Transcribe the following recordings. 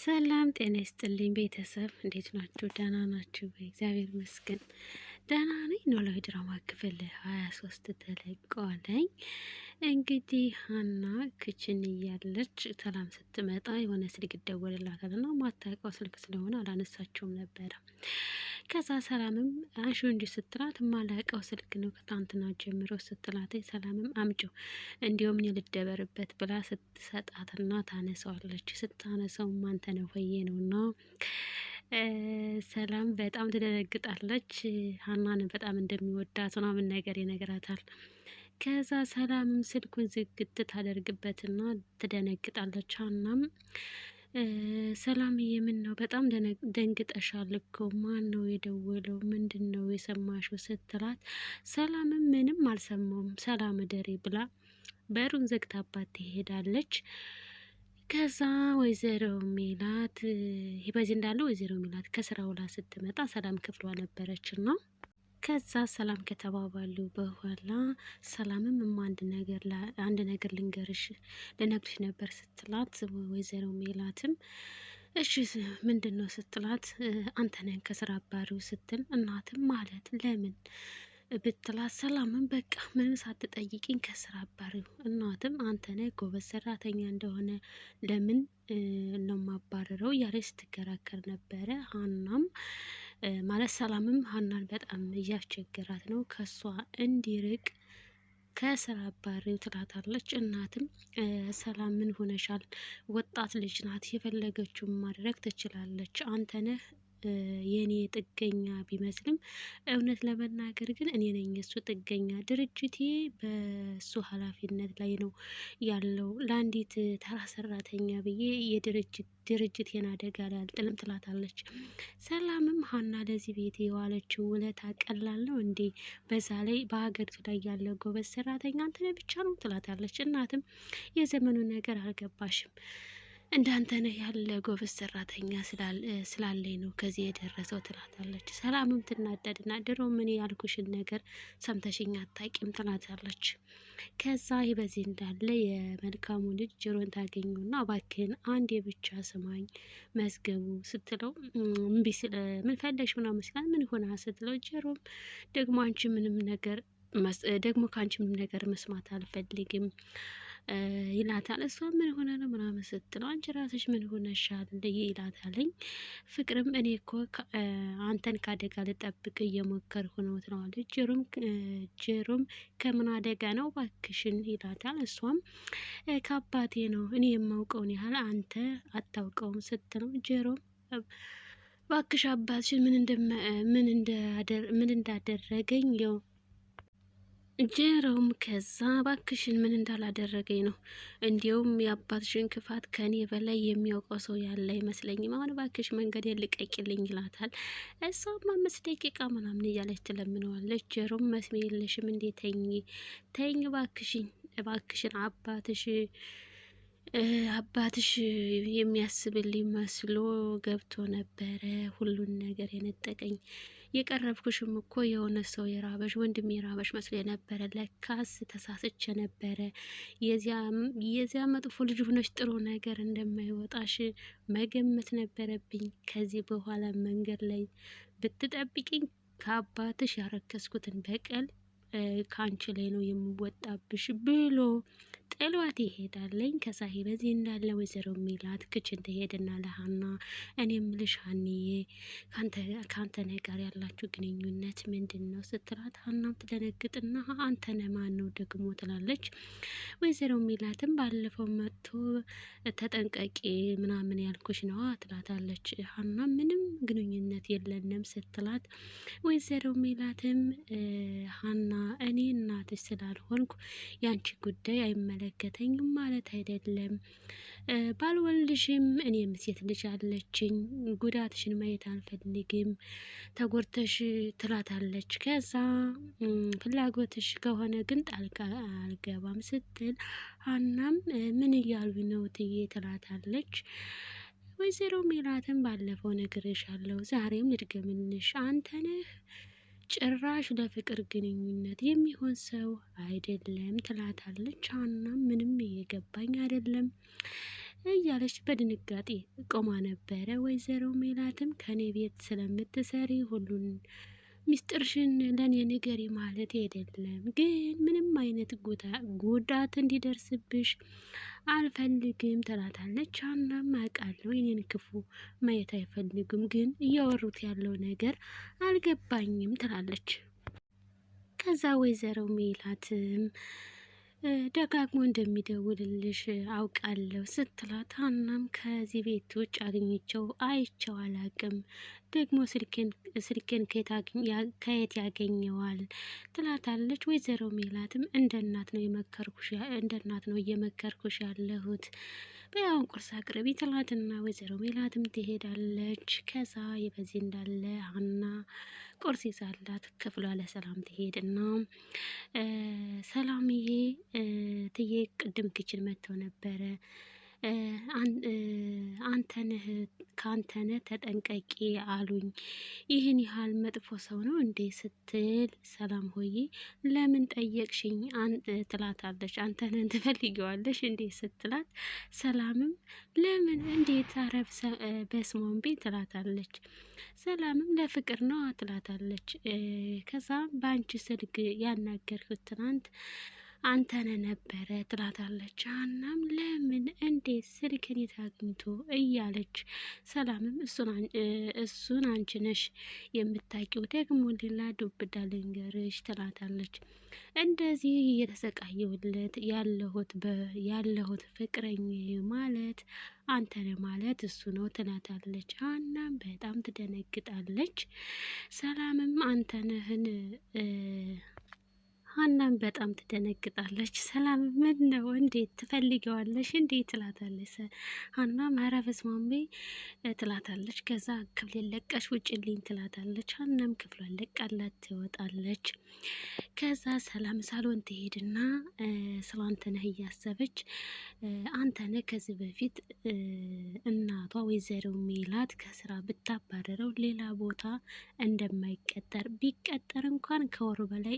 ሰላም ጤና ይስጥልኝ ቤተሰብ፣ እንዴት ናችሁ? ደህና ናችሁ? በእግዚአብሔር ይመስገን ደህና ነኝ። ኖላዊ ድራማ ክፍል ሀያ ሶስት ተለቀዋለኝ። እንግዲህ ሀና ክችን እያለች ሰላም ስትመጣ የሆነ ስልክ ይደወልላታል እና ማታውቀው ስልክ ስለሆነ አላነሳቸውም ነበረ። ከዛ ሰላምም አንሺ እንጂ ስትላት ማላውቀው ስልክ ነው ከትናንትና ጀምሮ ስትላት፣ ሰላምም አምጪው እንዲሁም እኔ ልደበርበት ብላ ስትሰጣትና ታነሳዋለች። ስታነሳው አንተ ነው ሆዬ ነው እና ሰላም በጣም ትደነግጣለች። ሀናን በጣም እንደሚወዳት ምናምን ነገር ይነግራታል። ከዛ ሰላምም ስልኩን ዝግት ታደርግበትና ትደነግጣለች። ሀናም ሰላም የምን ነው በጣም ደንግጠሻል እኮ ማን ነው የደወለው? ምንድን ነው የሰማሽው? ስትላት ሰላምም ምንም አልሰማውም ሰላም እደሪ ብላ በሩን ዘግታባት ትሄዳለች። ከዛ ወይዘሮ ሜላት በዚህ እንዳለ ወይዘሮ ሜላት ከስራ ውላ ስትመጣ ሰላም ክፍሏ ነበረች ነው ከዛ ሰላም ከተባባሉ በኋላ ሰላምም እማ አንድ ነገር ልንገርሽ ልነግርሽ ነበር ስትላት ወይዘሮ ሜላትም እሺ ምንድን ነው ስትላት አንተነን ከስራ አባሪው ስትል እናትም ማለት ለምን ብትላት ሰላምን በቃ ምንም ሳትጠይቂኝ ከስራ አባሪው እናትም አንተነ ጎበዝ ሰራተኛ እንደሆነ ለምን ነው ማባረረው ያለች ስትከራከር ነበረ ሀናም ማለት ሰላምም ሀናን በጣም እያስቸገራት ነው። ከሷ እንዲርቅ ከስራ አባሪው ትላታለች። እናትም ሰላም ምን ሆነሻል? ወጣት ልጅ ናት፣ የፈለገችውን ማድረግ ትችላለች። አንተነህ የኔ ጥገኛ ቢመስልም እውነት ለመናገር ግን እኔ ነኝ የሱ ጥገኛ። ድርጅቴ በእሱ ሀላፊነት ላይ ነው ያለው ለአንዲት ተራ ሰራተኛ ብዬ የድርጅት ድርጅቴን አደጋ ላይ አልጥልም ትላታለች። ሰላምም ሀና ለዚህ ቤት የዋለችው ውለታ ቀላል ነው እንዴ? በዛ ላይ በሀገሪቱ ላይ ያለ ጎበዝ ሰራተኛ አንተ ብቻ ነው ትላታለች። እናትም የዘመኑ ነገር አልገባሽም እንዳንተ ነህ ያለ ጎበዝ ሰራተኛ ስላለኝ ነው ከዚህ የደረሰው ትላታለች። ሰላምም ትናደድና ድሮ ምን ያልኩሽን ነገር ሰምተሽኝ አታቂም ትላታለች። ከዛ ይህ በዚህ እንዳለ የመልካሙ ልጅ ጆሮን ታገኙና እባክህን አንድ የብቻ ስማኝ መዝገቡ ስትለው እምቢ ምን ፈለሽ ምና መስላል ምን ሆና ስትለው ጆሮም ደግሞ አንቺ ምንም ነገር ደግሞ ከአንቺ ምንም ነገር መስማት አልፈልግም ይላታል። እሷ ምን ሆነ ነው ምናምን ስትለው አንቺ ራስሽ ምን ሆነሻል እንደዬ ይላታለኝ። ፍቅርም እኔ እኮ አንተን ከአደጋ ልጠብቅ እየሞከርኩ ነው ትለዋለች። ጀሮም ጀሮም ከምን አደጋ ነው ባክሽን ይላታል። እሷም ከአባቴ ነው እኔ የማውቀውን ያህል አንተ አታውቀውም ስትለው ጀሮም ባክሽ አባትሽን ምን እንዳደረገኝ ያው ጀሮም ከዛ ባክሽን ምን እንዳላደረገኝ ነው። እንዲሁም የአባትሽን ክፋት ከኔ በላይ የሚያውቀው ሰው ያለ አይመስለኝም። አሁን ባክሽ መንገድ ልቀቂልኝ ይላታል። እሷም አምስት ደቂቃ ምናምን እያለች ትለምነዋለች። ጀሮም መስሜ የለሽም እንዴ? ተኝ ተኝ፣ ባክሽኝ፣ ባክሽን አባትሽ አባትሽ የሚያስብልኝ መስሎ ገብቶ ነበረ ሁሉን ነገር የነጠቀኝ የቀረብኩሽም እኮ የሆነ ሰው የራበሽ ወንድም የራበሽ መስሎ የነበረ ለካስ ተሳስች የነበረ የዚያ መጥፎ ልጅ ሆነሽ ጥሩ ነገር እንደማይወጣሽ መገመት ነበረብኝ። ከዚህ በኋላ መንገድ ላይ ብትጠብቂኝ ከአባትሽ ያረከስኩትን በቀል ከአንቺ ላይ ነው የምወጣብሽ ብሎ ጥሏት ይሄዳለኝ። ከዛ በዚህ እንዳለ ወይዘሮ ሚላት ክችን ትሄድና ለሀና እኔ ምልሽ ሀኒዬ ከአንተነ ጋር ያላችሁ ግንኙነት ምንድን ነው ስትላት፣ ሀናም ትደነግጥና አንተነ ማን ነው ደግሞ ትላለች። ወይዘሮ ሚላትም ባለፈው መጥቶ ተጠንቀቂ ምናምን ያልኩሽ ነዋ ትላታለች። ሀና ምንም ግንኙነት የለንም ስትላት፣ ወይዘሮ ሚላትም ሀና እኔ እናትሽ ስላልሆንኩ ያንቺ ጉዳይ አይመለ አላመለከተኝም ማለት አይደለም። ባልወልድሽም እኔም ሴት ልጅ አለችኝ፣ ጉዳትሽን ማየት አልፈልግም ተጎድተሽ ትላታለች። ከዛ ፍላጎትሽ ከሆነ ግን ጣልቃ አልገባም ስትል አናም ምን እያሉ ነው ትዬ ትላታለች። ወይዘሮ ሜላትን ባለፈው ነግሬሻለሁ፣ ዛሬም ልድገምልሽ አንተ ነህ ጭራሽ ለፍቅር ግንኙነት የሚሆን ሰው አይደለም ትላታለች። ሀና ምንም እየገባኝ አይደለም እያለች በድንጋጤ ቆማ ነበረ። ወይዘሮ ሜላትም ከኔ ቤት ስለምትሰሪ ሁሉን ሚስጥርሽን ለእኔ ንገሪ ማለት አይደለም፣ ግን ምንም አይነት ጉዳት እንዲደርስብሽ አልፈልግም ትላታለች። አናም ማቃለው የኔን ክፉ ማየት አይፈልግም፣ ግን እያወሩት ያለው ነገር አልገባኝም ትላለች። ከዛ ወይዘሮ ሜላትም ደጋግሞ እንደሚደውልልሽ አውቃለሁ ስትላት ሀናም ከዚህ ቤት ውጭ አግኝቸው አይቸው አላቅም ደግሞ ስልኬን ከየት ያገኘዋል ትላታለች። ወይዘሮ ሜላትም እንደ እናት ነው የመከርኩሽ እንደ እናት ነው እየመከርኩሽ ያለሁት በያውን ቁርስ አቅርቢ ትላትና ወይዘሮ ሜላትም ትሄዳለች። ከዛ የበዚህ እንዳለ ሀና ቁርስ ይዛላት ክፍሏ ለሰላም ትሄድና ሰላምዬ ትዬ ቅድም ክችል መጥተው ነበረ አንተነህ ከአንተነህ ተጠንቀቂ አሉኝ። ይህን ያህል መጥፎ ሰው ነው እንዴ ስትል ሰላም ሆዬ ለምን ጠየቅሽኝ ትላታለች። አንተነህን ትፈልጊዋለሽ እንዴ ስትላት ሰላምም ለምን እንዴት አረብ በስሞንቢ ትላታለች። ሰላምም ለፍቅር ነው ትላታለች። ከዛ በአንቺ ስልክ ያናገርኩት ትናንት አንተነ ነበረ ትላታለች። አናም ለምን እንዴት ስልክን የት አግኝቶ እያለች ሰላምም እሱን አንቺ ነሽ የምታውቂው ደግሞ ሌላ ዱብዳ ልንገርሽ ትላታለች። እንደዚህ እየተሰቃየውለት ያለሁት ያለሁት ፍቅረኝ ማለት አንተነ ማለት እሱ ነው ትላታለች። አናም በጣም ትደነግጣለች። ሰላምም አንተነህን ሀናም በጣም ትደነግጣለች። ሰላም ምን ነው እንዴት ትፈልገዋለሽ እንዴት ትላታለች። ሀናም ኧረ በስመ አብ ትላታለች። ከዛ ክፍሌን ለቀሽ ውጭልኝ ትላታለች። ሀናም ክፍሏን ለቃላት ትወጣለች። ከዛ ሰላም ሳሎን ትሄድና ስለ አንተነህ እያሰበች አንተነህ ከዚህ በፊት እናቷ ወይዘሮ ሜላት ከስራ ብታባረረው ሌላ ቦታ እንደማይቀጠር ቢቀጠር እንኳን ከወር በላይ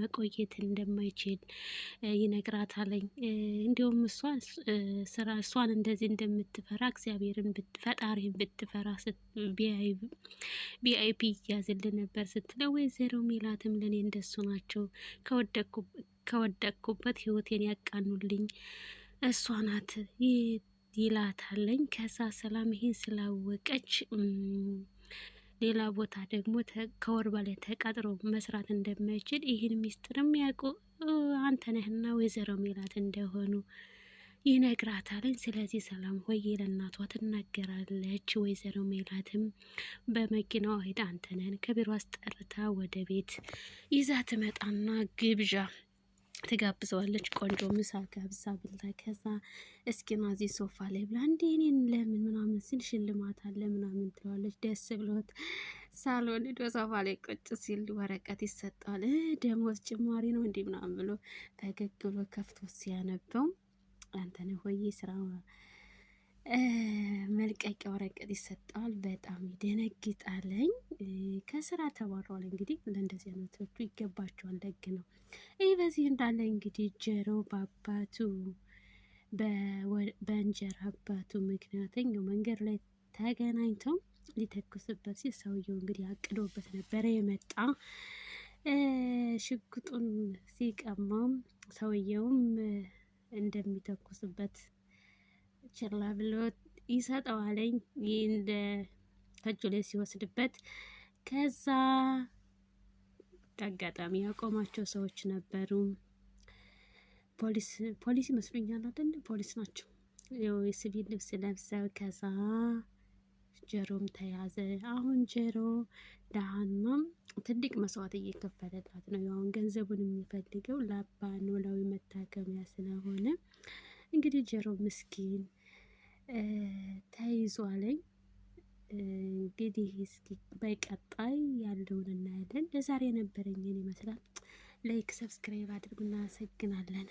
መቆየት እንደማይችል ይነግራታለኝ። እንዲሁም እሷን ስራ እሷን እንደዚህ እንደምትፈራ እግዚአብሔርን ፈጣሪን ብትፈራ ቢአይፒ እያዝል ነበር ስትለው፣ ወይዘሮ ሜላትም ለእኔ እንደሱ ናቸው ከወደቅኩበት ህይወቴን ያቃኑልኝ እሷ ናት ይላታለኝ። ከዛ ሰላም ይሄን ስላወቀች ሌላ ቦታ ደግሞ ከወር በላይ ተቀጥሮ መስራት እንደማይችል ይህን ሚስጥር የሚያውቁ አንተ ነህና ወይዘሮ ሜላት እንደሆኑ ይነግራታለኝ። ስለዚህ ሰላም ሆይ ለእናቷ ትናገራለች። ወይዘሮ ሜላትም በመኪናዋ ሄዳ አንተነህን ከቢሮ አስጠርታ ወደ ቤት ይዛ ትመጣና ግብዣ ትጋብዘዋለች ቆንጆ ምሳ ጋብዛ ብላ ከዛ እስኪ ናዚ ሶፋ ላይ ብላ እንዴ እኔን ለምን ምናምን ሲል ሽልማት አለ ምናምን ትለዋለች። ደስ ብሎት ሳሎን ዶ ሶፋ ላይ ቁጭ ሲል ወረቀት ይሰጠዋል። ደሞዝ ጭማሪ ነው እንዲህ ምናምን ብሎ ፈገግ ብሎ ከፍቶ ሲያነበው አንተነህ ሆዬ ስራ መልቀቂያ ወረቀት ይሰጠዋል። በጣም ይደነግጣለኝ። ከስራ ተባሯል። እንግዲህ ለእንደዚህ አይነቶቹ ይገባቸዋል። ደግ ነው። ይህ በዚህ እንዳለ እንግዲህ ጀሮ በአባቱ በእንጀራ አባቱ ምክንያተኛው መንገድ ላይ ተገናኝተው ሊተኩስበት ሲል ሰውየው እንግዲህ አቅዶበት ነበረ የመጣ ሽጉጡን ሲቀማም ሰውየውም እንደሚተኩስበት ችላ ብሎ ይሰጠዋለኝ እንደ ከእጁ ላይ ሲወስድበት ከዛ አጋጣሚ ያቆማቸው ሰዎች ነበሩ። ፖሊስ ፖሊስ ይመስሉኛል አይደል? ፖሊስ ናቸው። የሲቪል ልብስ ለብሰው ከዛ ጀሮም ተያዘ። አሁን ጀሮ ደሃና ትልቅ መስዋዕት እየከፈለላት ነው። ያውን ገንዘቡን የሚፈልገው ለአባ ኖላዊ መታከሚያ ስለሆነ እንግዲህ ጀሮ ምስኪን ተይዟለኝ። እንግዲህ እስኪ በቀጣይ ያለውን እናያለን። ለዛሬ የነበረኝን ይመስላል። ላይክ ሰብስክራይብ አድርጉና አመሰግናለን።